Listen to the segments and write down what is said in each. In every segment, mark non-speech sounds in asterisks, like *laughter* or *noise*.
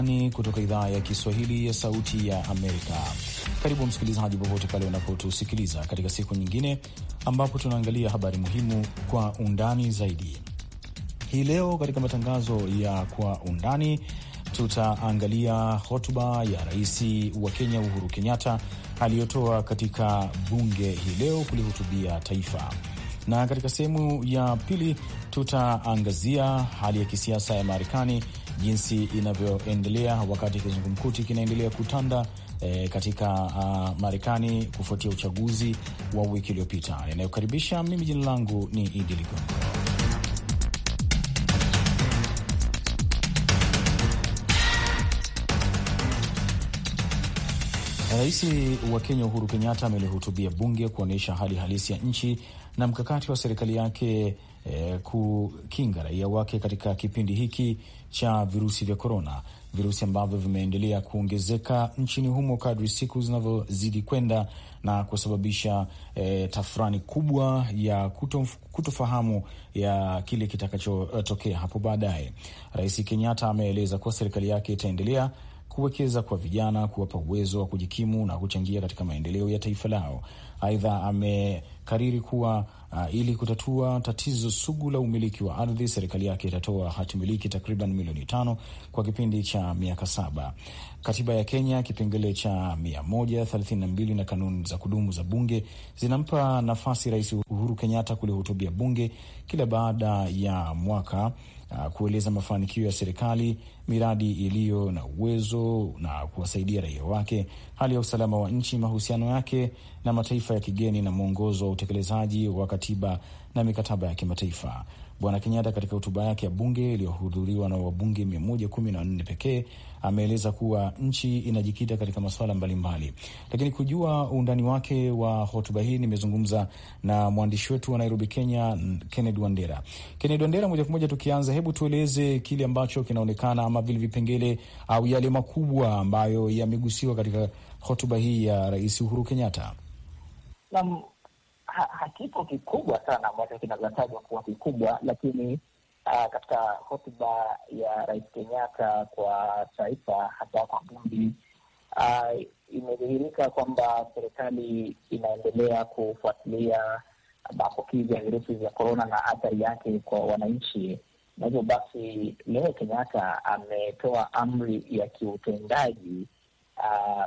Undani kutoka idhaa ya Kiswahili ya Sauti ya Amerika. Karibu msikilizaji, popote pale unapotusikiliza katika siku nyingine ambapo tunaangalia habari muhimu kwa undani zaidi. Hii leo katika matangazo ya Kwa Undani tutaangalia hotuba ya rais wa Kenya Uhuru Kenyatta aliyotoa katika bunge hii leo kulihutubia taifa, na katika sehemu ya pili tutaangazia hali ya kisiasa ya Marekani jinsi inavyoendelea wakati kizungumkuti kinaendelea kutanda e, katika uh, Marekani kufuatia uchaguzi wa wiki iliyopita. Inayokaribisha mimi, jina langu ni Idi Ligongo. Rais wa Kenya Uhuru Kenyatta amelihutubia bunge kuonyesha hali halisi ya nchi na mkakati wa serikali yake e, kukinga raia wake katika kipindi hiki cha virusi vya korona, virusi ambavyo vimeendelea kuongezeka nchini humo kadri siku zinavyozidi kwenda na kusababisha e, tafurani kubwa ya kutof, kutofahamu ya kile kitakachotokea hapo baadaye. Rais Kenyatta ameeleza kuwa serikali yake itaendelea kuwekeza kwa vijana, kuwapa uwezo wa kujikimu na kuchangia katika maendeleo ya taifa lao. Aidha, amekariri kuwa Uh, ili kutatua tatizo sugu la umiliki wa ardhi, serikali yake itatoa hati miliki takriban milioni tano kwa kipindi cha miaka saba. Katiba ya Kenya kipengele cha mia moja thelathini na mbili na kanuni za kudumu za bunge zinampa nafasi Rais Uhuru Kenyatta kulihutubia bunge kila baada ya mwaka na kueleza mafanikio ya serikali, miradi iliyo na uwezo na kuwasaidia raia wake, hali ya usalama wa nchi, mahusiano yake na mataifa ya kigeni, na mwongozo wa utekelezaji wa katiba na mikataba ya kimataifa. Bwana Kenyatta katika hotuba yake ya bunge iliyohudhuriwa na wabunge kumi nne pekee ameeleza kuwa nchi inajikita katika masuala mbalimbali. Lakini kujua undani wake wa hotuba hii nimezungumza na mwandishi wetu wa Nairobi, Kenya, Kennedy Wandera. Kennedy Wandera, moja kwa moja tukianza, hebu tueleze kile ambacho kinaonekana ama vile vipengele au yale makubwa ambayo yamegusiwa katika hotuba hii ya Rais Uhuru Kenyatta. Naam, hakipo kikubwa sana ambacho kinazatajwa kuwa kikubwa, lakini uh, katika hotuba ya Rais Kenyatta kwa taifa, hasa kwa Bundi, uh, ah, imedhihirika kwamba serikali inaendelea kufuatilia maambukizi ya virusi vya korona na athari yake kwa wananchi, na hivyo basi leo Kenyatta ametoa amri ya kiutendaji Uh,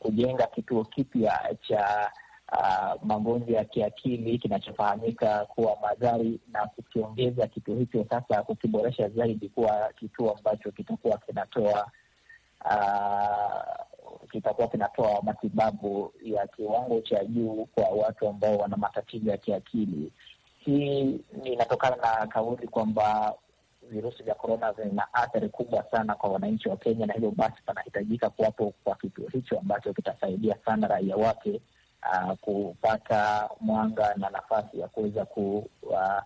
kujenga kituo kipya cha uh, magonjwa ya kiakili kinachofahamika kuwa Madhari, na kukiongeza kituo hicho sasa, kukiboresha zaidi kuwa kituo ambacho kitakuwa kinatoa uh, kitakuwa kinatoa matibabu ya kiwango cha juu kwa watu ambao wana matatizo ya kiakili. Hii inatokana na kauli kwamba virusi vya korona vina athari kubwa sana kwa wananchi wa Kenya, na hivyo basi panahitajika kuwapo kwa kituo hicho ambacho kitasaidia sana raia wake uh, kupata mwanga na nafasi ya kuweza ku, uh,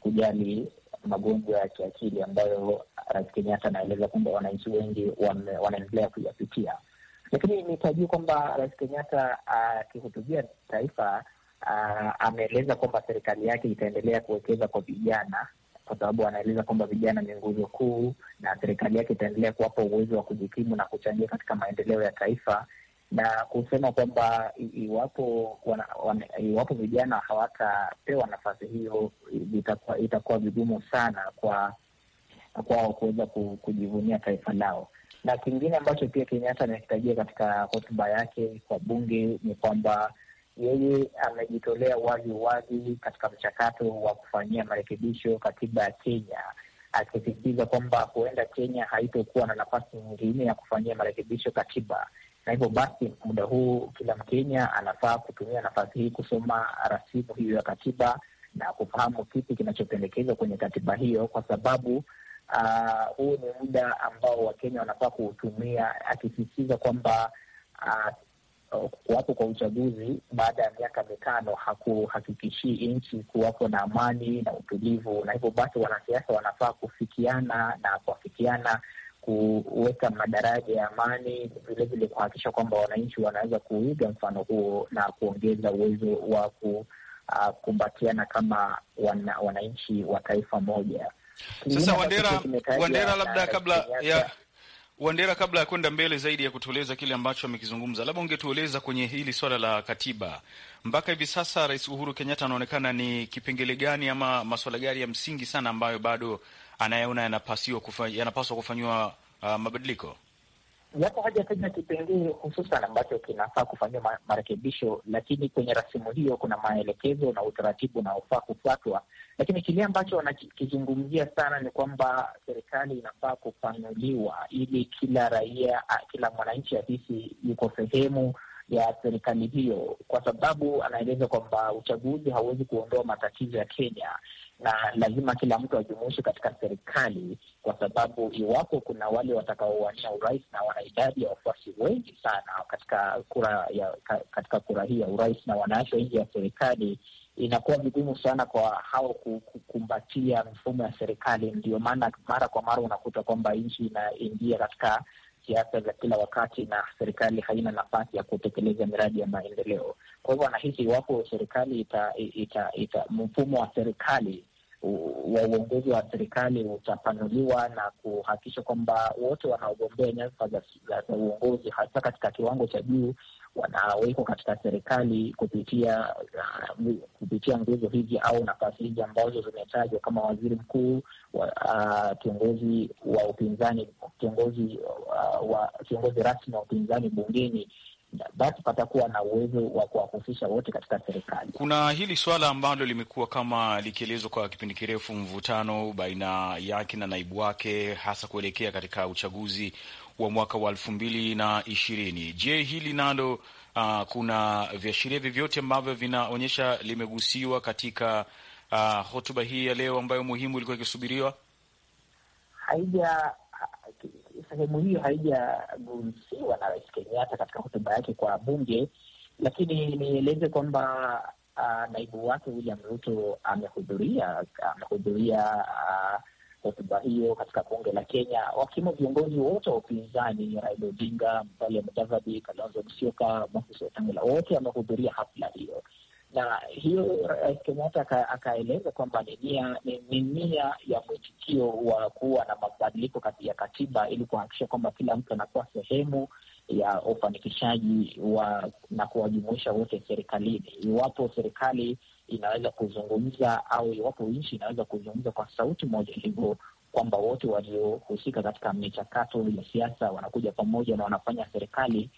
kujali magonjwa ya kiakili ambayo Rais Kenyatta anaeleza kwamba wananchi wengi wanaendelea kuyapitia. Lakini nitajua kwamba Rais Kenyatta ah, akihutubia uh, taifa uh, ameeleza kwamba serikali yake itaendelea kuwekeza kwa vijana kwa sababu anaeleza kwamba vijana ni nguzo kuu na serikali yake itaendelea kuwapa uwezo wa kujikimu na kuchangia katika maendeleo ya taifa, na kusema kwamba iwapo iwapo vijana hawatapewa nafasi hiyo itakuwa itakuwa vigumu sana kwa kwao kuweza kujivunia taifa lao. Na kingine ambacho pia Kenyatta amekitajia katika hotuba yake kwa bunge ni kwamba yeye amejitolea wazi wazi katika mchakato wa kufanyia marekebisho katiba ya Kenya, akisisitiza kwamba huenda Kenya haitokuwa na nafasi nyingine ya kufanyia marekebisho katiba, na hivyo basi muda huu kila Mkenya anafaa kutumia nafasi hii kusoma rasimu hiyo ya katiba na kufahamu kipi kinachopendekezwa kwenye katiba hiyo, kwa sababu uh, huu ni muda ambao Wakenya wanafaa kuutumia, akisisitiza kwamba uh, kuwapo kwa uchaguzi baada ya miaka mitano hakuhakikishii nchi kuwapo na amani na utulivu, na hivyo basi wanasiasa wanafaa kufikiana na kuafikiana kuweka madaraja ya amani, vilevile kuhakikisha kwamba wananchi wanaweza kuiga mfano huo na kuongeza uwezo wa kukumbatiana kama wana, wananchi wa taifa moja. Sasa Wandera, Wandera, labda kabla ya Wandera, kabla ya kwenda mbele zaidi ya kutueleza kile ambacho amekizungumza, labda ungetueleza kwenye hili swala la katiba, mpaka hivi sasa Rais Uhuru Kenyatta anaonekana ni kipengele gani ama maswala gani ya msingi sana ambayo bado anayaona yanapaswa kufanyiwa uh, mabadiliko? haja kaja kipengee hususan ambacho kinafaa kufanyia ma marekebisho, lakini kwenye rasimu hiyo kuna maelekezo na utaratibu unaofaa kufuatwa. Lakini kile ambacho wanakizungumzia sana ni kwamba serikali inafaa kupanuliwa ili kila raia, kila mwananchi ahisi yuko sehemu ya serikali hiyo, kwa sababu anaeleza kwamba uchaguzi hauwezi kuondoa matatizo ya Kenya, na lazima kila mtu ajumuishwe katika serikali, kwa sababu iwapo kuna wale watakaowania urais na wana idadi ya wafuasi wengi sana katika kura ya katika kura hii ya urais na wanaachwa nje ya serikali, inakuwa vigumu sana kwa hao kukumbatia mifumo ya serikali. Ndio maana mara kwa mara unakuta kwamba nchi inaingia katika siasa za kila wakati, na serikali haina nafasi ya kutekeleza miradi ya maendeleo. Kwa hivyo wanahisi iwapo serikali ita, ita, ita, mfumo wa serikali wa uongozi wa serikali utapanuliwa na kuhakikisha kwamba wote wanaogombea nyadhifa za, za uongozi hasa katika kiwango cha juu wanawekwa katika serikali kupitia uh, kupitia nguzo hizi au nafasi hizi ambazo zimetajwa kama waziri mkuu wa, uh, kiongozi wa upinzani, kiongozi uh, wa kiongozi rasmi wa upinzani bungeni basi patakuwa na uwezo wa kuwahusisha wote katika serikali. Kuna hili swala ambalo limekuwa kama likielezwa kwa kipindi kirefu, mvutano baina yake na naibu wake, hasa kuelekea katika uchaguzi wa mwaka wa elfu mbili na ishirini. Je, hili nalo uh, kuna viashiria vyovyote ambavyo vinaonyesha limegusiwa katika uh, hotuba hii ya leo ambayo muhimu ilikuwa ikisubiriwa? haija sehemu hiyo haijagusiwa na Rais Kenyatta katika hotuba yake kwa bunge, lakini nieleze kwamba uh, naibu wake William Ruto amehudhuria amehudhuria uh, hotuba hiyo katika bunge la Kenya, wakiwemo viongozi wote wa upinzani: Raila Odinga, Musalia Mudavadi, Kalonzo Musyoka, Moses Wetangula, wote wamehudhuria hafla hiyo na hiyo Rais eh, Kenyatta akaeleza kwamba ni nia ya mwitikio wa kuwa na mabadiliko ya katiba ili kuhakikisha kwamba kila mtu anakuwa sehemu ya ufanikishaji wa na kuwajumuisha wote serikalini. Iwapo serikali inaweza kuzungumza au iwapo nchi inaweza kuzungumza kwa sauti moja, hivyo kwamba wote waliohusika katika michakato ya siasa wanakuja pamoja na wanafanya serikali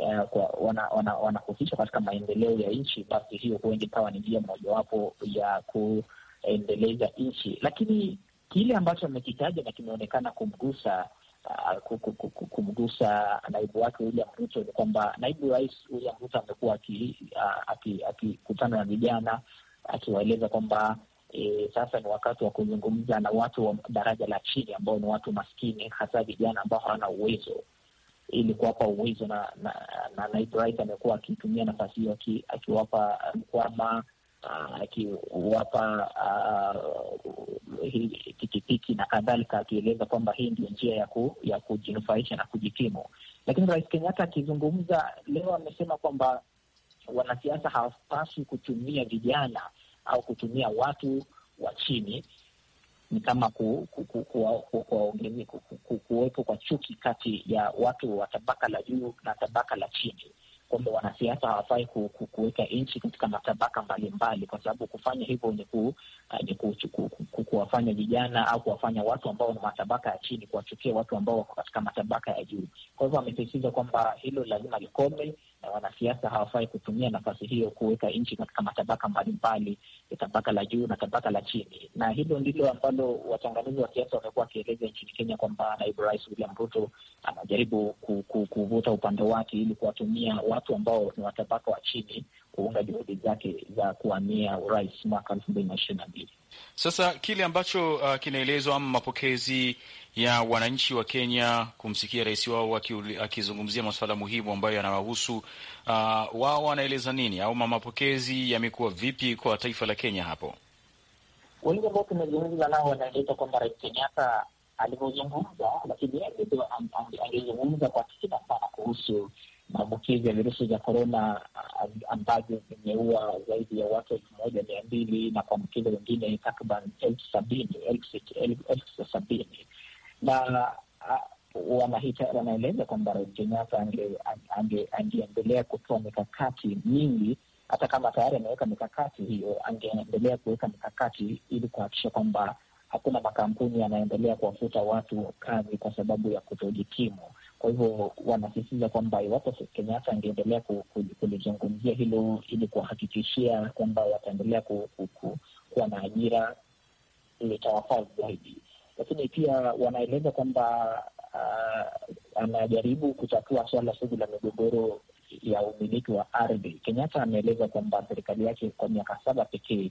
wanahusishwa eh, wana, wana katika maendeleo ya nchi, basi hiyo huenda ikawa ni njia mojawapo ya kuendeleza nchi. Lakini kile ambacho amekitaja na kimeonekana kumgusa uh, kumgusa naibu wake William Ruto ni kwamba naibu rais William Ruto amekuwa ah, akikutana uh, aki, aki, na vijana akiwaeleza kwamba E, sasa ni wakati wa kuzungumza na watu wa daraja la chini ambao ni watu maskini, hasa vijana ambao hawana uwezo ili kuwapa uwezo, na naibu na, rais amekuwa akitumia nafasi hiyo akiwapa uh, mkwama uh, akiwapa uh, pikipiki na kadhalika, akieleza kwamba hii ndio njia ya, ku, ya kujinufaisha na kujikimu. Lakini rais Kenyatta akizungumza leo amesema kwamba wanasiasa hawapaswi kutumia vijana au kutumia watu wa chini ni kama kuwepo kwa chuki kati ya watu wa tabaka la juu na tabaka la chini, kwamba wanasiasa hawafai kuweka nchi katika matabaka mbalimbali, kwa sababu kufanya hivyo ni kuwafanya vijana au kuwafanya watu ambao ni matabaka ya chini kuwachukia watu ambao wako katika matabaka ya juu. Kwa hivyo amesisitiza kwamba hilo lazima likome na eh, wanasiasa hawafai kutumia nafasi hiyo kuweka nchi katika matabaka mbalimbali, eh, tabaka la juu na tabaka la chini. Na hilo ndilo ambalo wachanganuzi wa siasa wamekuwa wakieleza nchini Kenya kwamba naibu rais William Ruto anajaribu kuvuta upande wake ili kuwatumia watu ambao ni watabaka wa chini kuunga juhudi zake za kuwania urais mwaka elfu mbili na ishirini na mbili. Sasa kile ambacho uh, kinaelezwa ama mapokezi ya wananchi wa Kenya kumsikia rais wao akizungumzia masuala muhimu ambayo yanawahusu uh, wao wanaeleza nini au mapokezi yamekuwa vipi kwa taifa la Kenya hapo? Wengi ambao tumezungumza nao wanaeleza kwamba rais Kenyatta alivyozungumza, lakini angezungumza kwa kina sana kuhusu maambukizi ya virusi vya korona uh, ambavyo vimeua zaidi ya watu elfu moja mia mbili na kuambukiza wengine takriban elfu sabini elfu sabini na uh, wanaeleza kwamba Rais Kenyatta angeendelea kutoa mikakati mingi, hata kama tayari ameweka mikakati hiyo, angeendelea kuweka mikakati ili kuhakikisha kwamba hakuna makampuni yanaendelea kuwafuta watu kazi kwa sababu ya kutojikimu. Kwa hivyo wanasisitiza kwamba iwapo Kenyatta angeendelea kulizungumzia hilo ili kuwahakikishia kwamba wataendelea ku, ku, ku, kuwa na ajira litawafaa zaidi, lakini pia wanaeleza kwamba uh, anajaribu kutatua swala sugu la migogoro ya umiliki wa ardhi. Kenyatta ameeleza kwamba serikali yake kwa miaka saba pekee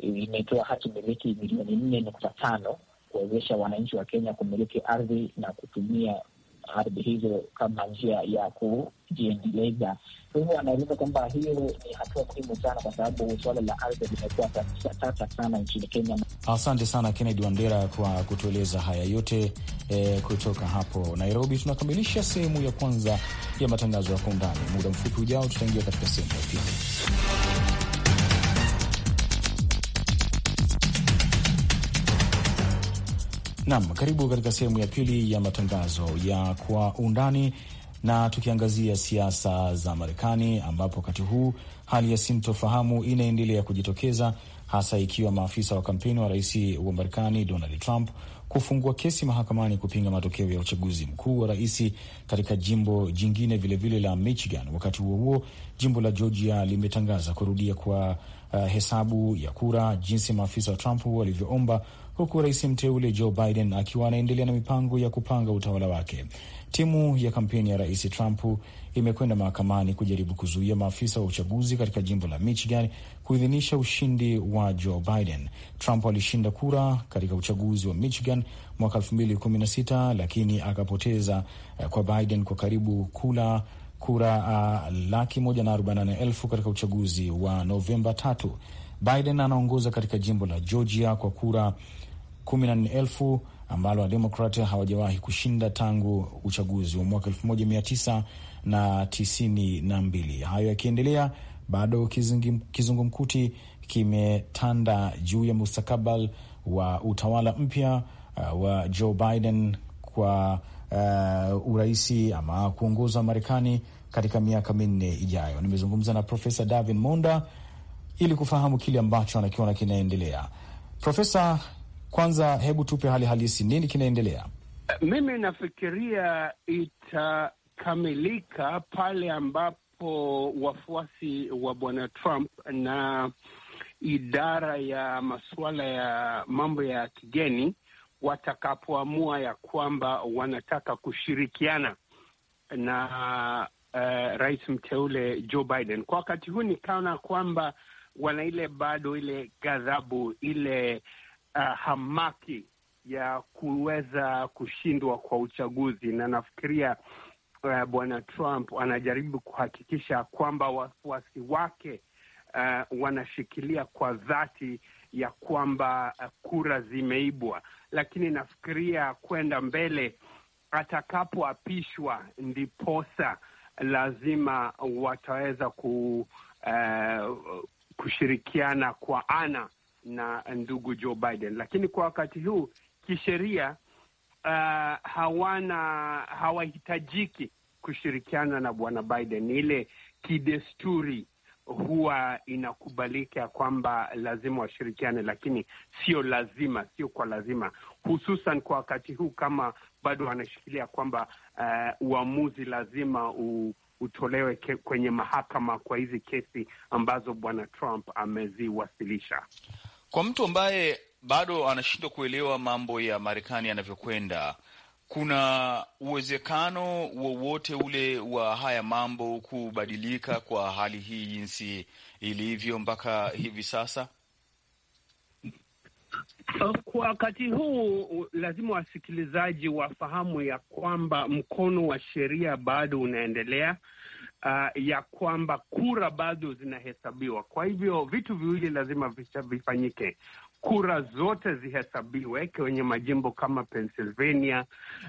imetoa hati miliki milioni nne nukta tano kuwezesha wananchi wa Kenya kumiliki ardhi na kutumia ardhi hizo kama njia ya kujiendeleza. Kwa hivyo anaeleza kwamba hiyo ni hatua muhimu sana, kwa sababu suala la ardhi limekuwa tata sana nchini Kenya. Asante sana Kennedy Wandera kwa kutueleza haya yote. Eh, kutoka hapo Nairobi tunakamilisha sehemu ya kwanza ya matangazo ya kwa undani. Muda mfupi ujao, tutaingia katika sehemu ya pili. Nam, karibu katika sehemu ya pili ya matangazo ya kwa undani, na tukiangazia siasa za Marekani ambapo wakati huu hali ya sintofahamu inaendelea kujitokeza hasa ikiwa maafisa wa kampeni wa rais wa Marekani Donald Trump kufungua kesi mahakamani kupinga matokeo ya uchaguzi mkuu wa rais katika jimbo jingine vilevile vile la Michigan. Wakati huo huo, jimbo la Georgia limetangaza kurudia kwa uh, hesabu ya kura jinsi maafisa wa Trump walivyoomba huku rais mteule Joe Biden akiwa anaendelea na mipango ya kupanga utawala wake. Timu ya kampeni ya rais Trump imekwenda mahakamani kujaribu kuzuia maafisa wa uchaguzi katika jimbo la Michigan kuidhinisha ushindi wa Joe Biden. Trump alishinda kura katika uchaguzi wa Michigan mwaka 2016 lakini akapoteza eh, kwa Biden kwa karibu kula kura uh, laki moja na arobaini na nane elfu katika uchaguzi wa Novemba tatu. Biden anaongoza katika jimbo la Georgia kwa kura kumi na nne elfu ambalo Wademokrat hawajawahi kushinda tangu uchaguzi wa mwaka elfu moja mia tisa na tisini na mbili. Hayo yakiendelea bado kizungumkuti kimetanda juu ya mustakabal wa utawala mpya uh, wa Joe Biden kwa uh, uraisi ama kuongoza Marekani katika miaka minne ijayo. Nimezungumza na Profesa Davin Monda ili kufahamu kile ambacho anakiona kinaendelea. Profesa, kwanza hebu tupe hali halisi, nini kinaendelea? Mimi nafikiria itakamilika pale ambapo wafuasi wa bwana Trump na idara ya masuala ya mambo ya kigeni watakapoamua ya kwamba wanataka kushirikiana na uh, rais mteule Joe Biden. Kwa wakati huu nikaona kwamba wana ile bado ile ghadhabu ile uh, hamaki ya kuweza kushindwa kwa uchaguzi, na nafikiria uh, bwana Trump anajaribu kuhakikisha kwamba wafuasi wake uh, wanashikilia kwa dhati ya kwamba kura zimeibwa, lakini nafikiria kwenda mbele atakapoapishwa ndiposa lazima wataweza ku, uh, kushirikiana kwa ana na ndugu Joe Biden, lakini kwa wakati huu kisheria Uh, hawana hawahitajiki kushirikiana na bwana Biden. Ile kidesturi huwa inakubalika kwamba lazima washirikiane, lakini sio lazima, sio kwa lazima, hususan kwa wakati huu, kama bado wanashikilia kwamba uh, uamuzi lazima u, utolewe kwenye mahakama kwa hizi kesi ambazo bwana Trump ameziwasilisha. Kwa mtu ambaye bado anashindwa kuelewa mambo ya Marekani yanavyokwenda, kuna uwezekano wowote ule wa haya mambo kubadilika kwa hali hii jinsi ilivyo mpaka hivi sasa? Kwa wakati huu lazima wasikilizaji wafahamu ya kwamba mkono wa sheria bado unaendelea uh, ya kwamba kura bado zinahesabiwa. Kwa hivyo vitu viwili lazima vifanyike, kura zote zihesabiwe kwenye majimbo kama Pennsylvania.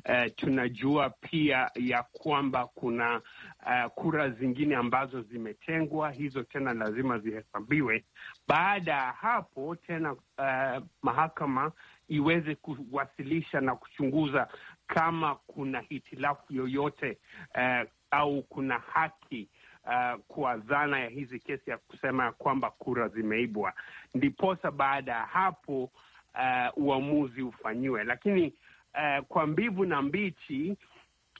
Uh, tunajua pia ya kwamba kuna uh, kura zingine ambazo zimetengwa, hizo tena lazima zihesabiwe. Baada ya hapo tena uh, mahakama iweze kuwasilisha na kuchunguza kama kuna hitilafu yoyote uh, au kuna haki uh, kwa dhana ya hizi kesi ya kusema kwamba kura zimeibwa, ndiposa baada ya hapo uh, uamuzi ufanyiwe. Lakini uh, kwa mbivu na mbichi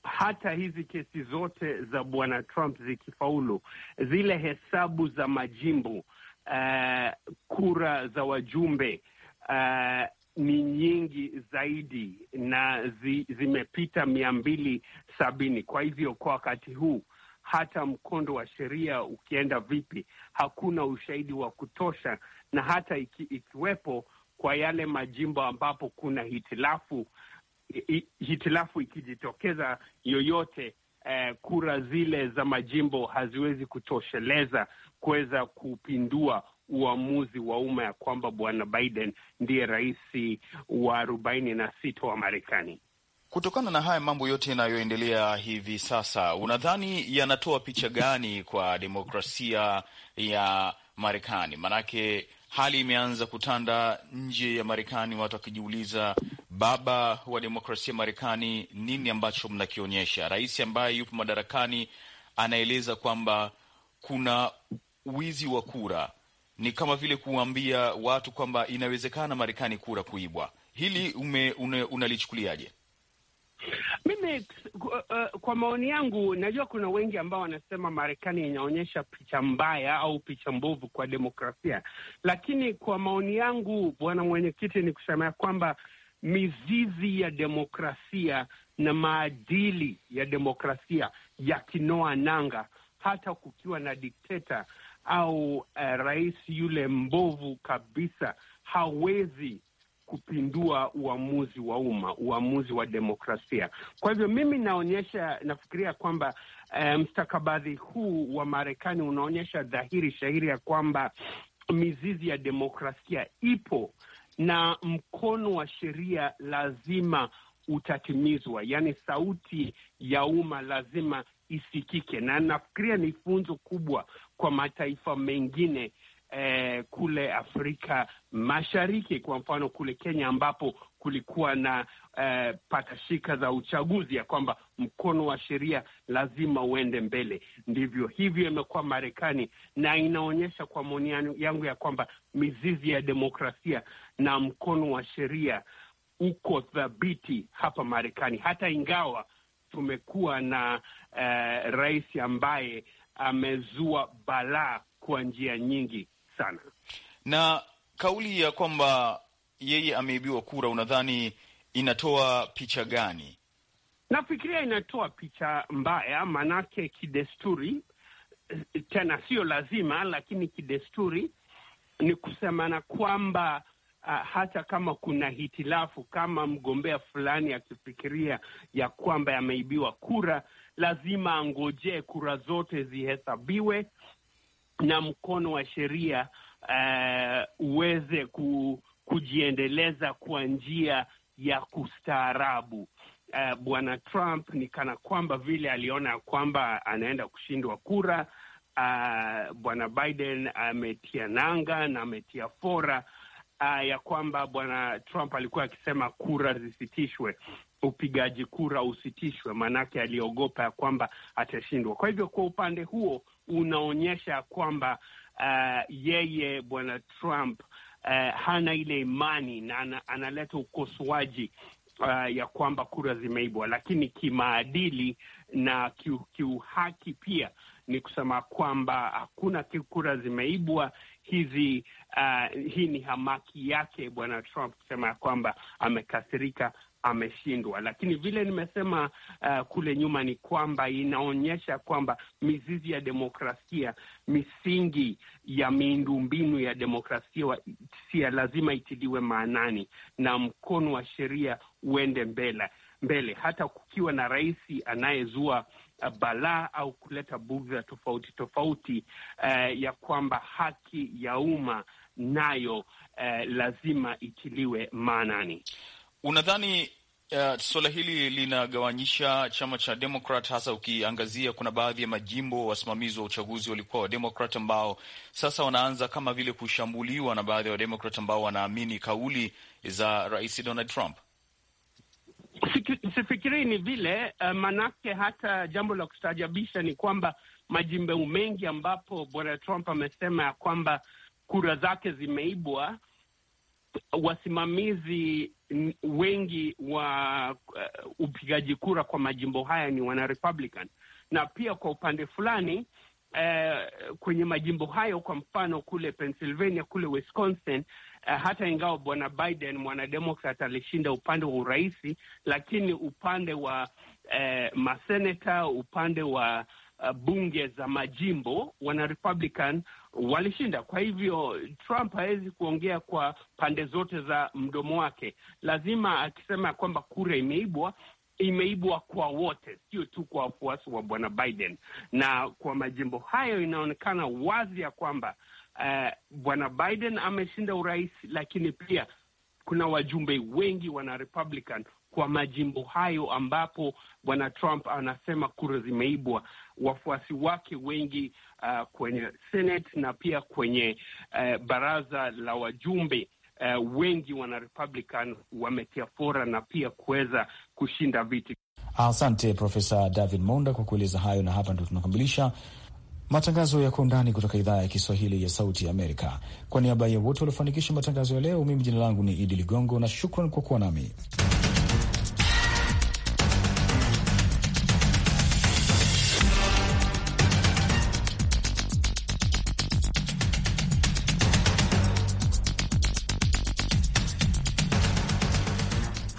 hata hizi kesi zote za bwana Trump zikifaulu, zile hesabu za majimbo, uh, kura za wajumbe, uh, ni nyingi zaidi na zi, zimepita mia mbili sabini. Kwa hivyo kwa wakati huu hata mkondo wa sheria ukienda vipi, hakuna ushahidi wa kutosha, na hata iki, ikiwepo kwa yale majimbo ambapo kuna hitilafu hitilafu ikijitokeza yoyote, eh, kura zile za majimbo haziwezi kutosheleza kuweza kupindua uamuzi wa umma ya kwamba bwana Biden ndiye rais wa arobaini na sita wa Marekani. Kutokana na haya mambo yote yanayoendelea hivi sasa, unadhani yanatoa picha gani kwa demokrasia ya Marekani? Maanake hali imeanza kutanda nje ya Marekani, watu wakijiuliza, baba wa demokrasia Marekani, nini ambacho mnakionyesha? Rais ambaye yupo madarakani anaeleza kwamba kuna wizi wa kura ni kama vile kuwaambia watu kwamba inawezekana Marekani kura kuibwa. Hili unalichukuliaje? Mimi uh, kwa maoni yangu, najua kuna wengi ambao wanasema Marekani inaonyesha picha mbaya au picha mbovu kwa demokrasia, lakini kwa maoni yangu, bwana mwenyekiti, ni kusema ya kwamba mizizi ya demokrasia na maadili ya demokrasia yakinoa nanga, hata kukiwa na dikteta au uh, rais yule mbovu kabisa hawezi kupindua uamuzi wa umma, uamuzi wa demokrasia. Kwa hivyo mimi naonyesha, nafikiria kwamba eh, mstakabadhi um, huu wa Marekani unaonyesha dhahiri shahiri ya kwamba mizizi ya demokrasia ipo na mkono wa sheria lazima utatimizwa, yaani sauti ya umma lazima isikike, na nafikiria ni funzo kubwa kwa mataifa mengine eh, kule Afrika Mashariki, kwa mfano kule Kenya ambapo kulikuwa na eh, patashika za uchaguzi, ya kwamba mkono wa sheria lazima uende mbele. Ndivyo hivyo imekuwa Marekani, na inaonyesha kwa maoni yangu ya kwamba mizizi ya demokrasia na mkono wa sheria uko thabiti hapa Marekani, hata ingawa tumekuwa na uh, rais ambaye amezua balaa kwa njia nyingi sana. Na kauli ya kwamba yeye ameibiwa kura, unadhani inatoa picha gani? Nafikiria inatoa picha mbaya, manake kidesturi, eh, tena sio lazima, lakini kidesturi ni kusemana kwamba Ah, hata kama kuna hitilafu, kama mgombea fulani akifikiria ya kwamba yameibiwa kura, lazima angojee kura zote zihesabiwe na mkono wa sheria uh, uweze ku, kujiendeleza kwa njia ya kustaarabu. Uh, Bwana Trump ni kana kwamba vile aliona ya kwamba anaenda kushindwa kura. Uh, Bwana Biden ametia nanga na ametia fora uh, ya kwamba bwana Trump alikuwa akisema kura zisitishwe, upigaji kura usitishwe, maanake aliogopa ya kwamba atashindwa. Kwa hivyo kwa upande huo unaonyesha kwamba uh, yeye bwana Trump uh, hana ile imani na analeta ukosoaji uh, ya kwamba kura zimeibwa, lakini kimaadili na kiuhaki kiu pia ni kusema kwamba hakuna kura zimeibwa, hizi uh, hii ni hamaki yake Bwana Trump kusema ya kwamba amekasirika, ameshindwa. Lakini vile nimesema uh, kule nyuma ni kwamba inaonyesha kwamba mizizi ya demokrasia, misingi ya miundombinu ya demokrasia sia lazima itiliwe maanani na mkono wa sheria uende mbele mbele, hata kukiwa na rais anayezua balaa au kuleta budha tofauti tofauti, eh, ya kwamba haki ya umma nayo eh, lazima itiliwe maanani. Unadhani uh, suala hili linagawanyisha chama cha Demokrat, hasa ukiangazia kuna baadhi ya majimbo wasimamizi wa uchaguzi walikuwa Wademokrat ambao sasa wanaanza kama vile kushambuliwa na baadhi ya Wademokrat ambao wanaamini kauli za Rais Donald Trump? Sifikiri ni vile uh, manake hata jambo la kustaajabisha ni kwamba majimbo mengi ambapo bwana Trump amesema ya kwamba kura zake zimeibwa, wasimamizi wengi wa uh, upigaji kura kwa majimbo haya ni wana Republican, na pia kwa upande fulani uh, kwenye majimbo hayo, kwa mfano kule Pennsylvania, kule Wisconsin Eh, hata ingawa bwana Biden mwanademokrat alishinda upande wa urahisi lakini upande wa eh, maseneta, upande wa uh, bunge za majimbo wana Republican walishinda. Kwa hivyo Trump hawezi kuongea kwa pande zote za mdomo wake, lazima akisema kwamba kura imeibwa imeibwa kwa wote, sio tu kwa wafuasi wa bwana Biden. Na kwa majimbo hayo inaonekana wazi ya kwamba uh, bwana Biden ameshinda urais, lakini pia kuna wajumbe wengi wana Republican kwa majimbo hayo ambapo bwana Trump anasema kura zimeibwa. Wafuasi wake wengi uh, kwenye Senate na pia kwenye uh, baraza la wajumbe uh, wengi wana Republican wametia fora na pia kuweza kushinda viti. Asante Profesa David Monda kwa kueleza hayo, na hapa ndo tunakamilisha Matangazo ya Kwa Undani kutoka idhaa ya Kiswahili ya Sauti ya Amerika. Kwa niaba ya wote waliofanikisha matangazo ya leo, mimi jina langu ni Idi Ligongo na shukran kwa kuwa nami.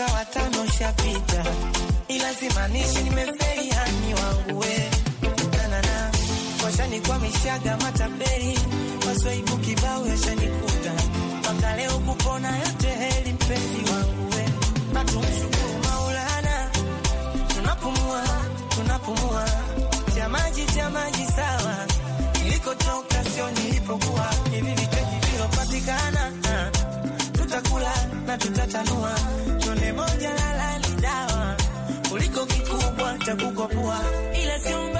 mwaka watano ushapita, ila simaanishi nimefeli hani wangu we nanana washanikwa mishaga matapeli maswaibu kibao yashanikuta mpaka leo kupona yote heli mpenzi wangu we natumshukuru Maulana tunapumua tunapumua cha maji cha maji sawa nilikotoka sio nilipokuwa hivi vitu vilivyopatikana ah. tutakula na tutatanua cha kukopoa ila sio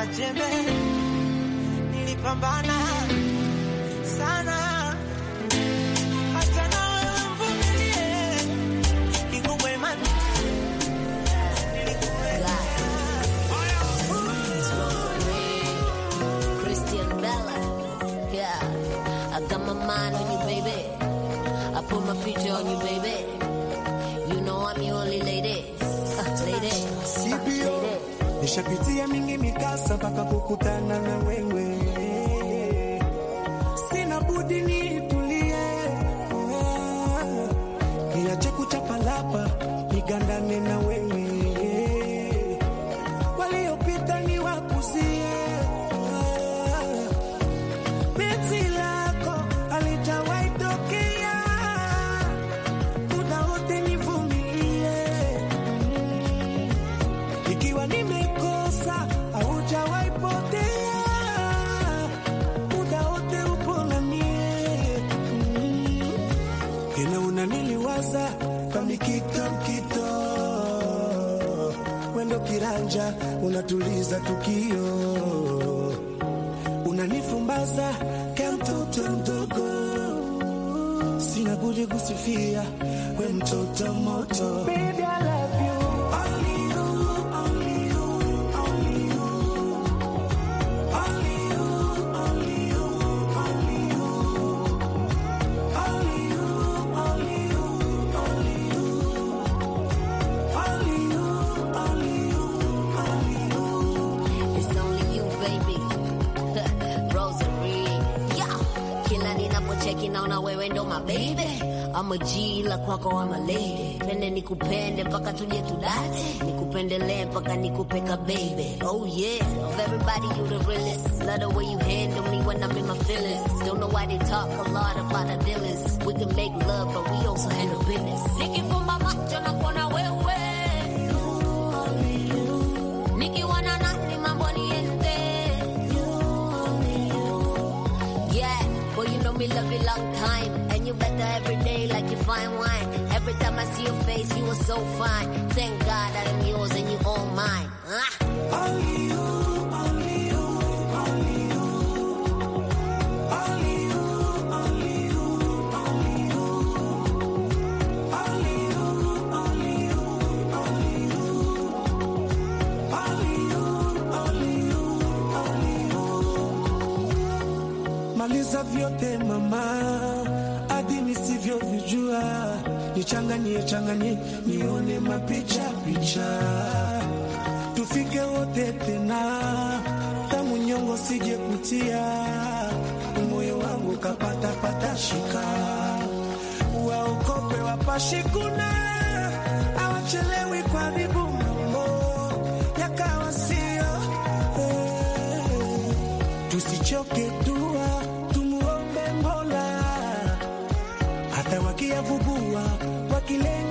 na jembe nilipambana sana, hata mvumilie Christian Bella, yeah. I got my mind on you, baby. I put my future on you, baby. You know I'm your only lady, *laughs* lady. Nishapitia mingi mikasa mpaka kukutana na wewe, sina budi nitu ama G i kwako ama lady, pende nikupende mpaka tuje tudate, nikupendelee mpaka nikupeka baby. Oh yeah, of everybody you the realest, love the way you handle me when I'm in my feelings. Don't know why they talk a lot about the villains. We can make love, but we also handle business. Nikifumba macho na kuona wewe nikiwana nani yeah, you know me love you long time day like you fine wine. Every time I see your face, you are so fine. Thank God that I'm yours and you all mine. Ah. Only you, only you, only you. Only you, only you, only you. Only you, only you, only you. Maliza vyote mama. nichanganye changanye, nione mapicha picha, tufike wote tena, tamu nyongo sije kutia, moyo wangu kapata pata shika, waokope wapashikuna, awachelewi karibu mambo yakawa sio, hey, eh, tusichoke tu kilenge